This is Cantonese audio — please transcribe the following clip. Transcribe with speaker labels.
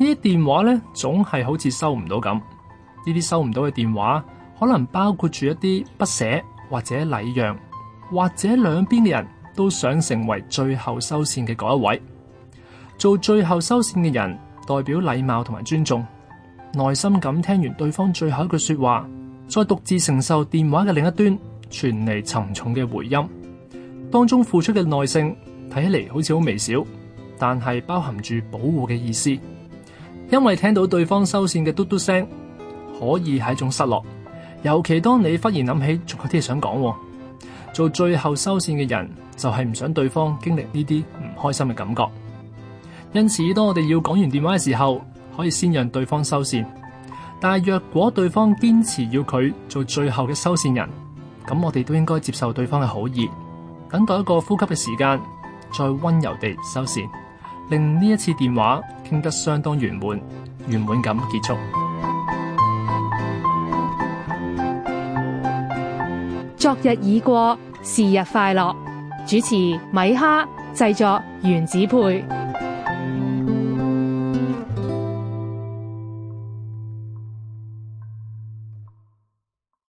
Speaker 1: 呢啲電話咧，總係好似收唔到咁。呢啲收唔到嘅電話，可能包括住一啲不捨，或者禮讓，或者兩邊嘅人都想成為最後收線嘅嗰一位。做最後收線嘅人，代表禮貌同埋尊重，耐心咁聽完對方最後一句説話，再獨自承受電話嘅另一端傳嚟沉重嘅回音。當中付出嘅耐性，睇起嚟好似好微小，但係包含住保護嘅意思。因為聽到對方收線嘅嘟嘟聲，可以係一種失落，尤其當你忽然諗起仲有啲嘢想講，做最後收線嘅人就係唔想對方經歷呢啲唔開心嘅感覺。因此，當我哋要講完電話嘅時候，可以先讓對方收線。但係若果對方堅持要佢做最後嘅收線人，咁我哋都應該接受對方嘅好意，等待一個呼吸嘅時間，再溫柔地收線。令呢一次電話傾得相當圓滿，圓滿咁結束。昨日已過，是日快樂。主持米哈，製作原子配。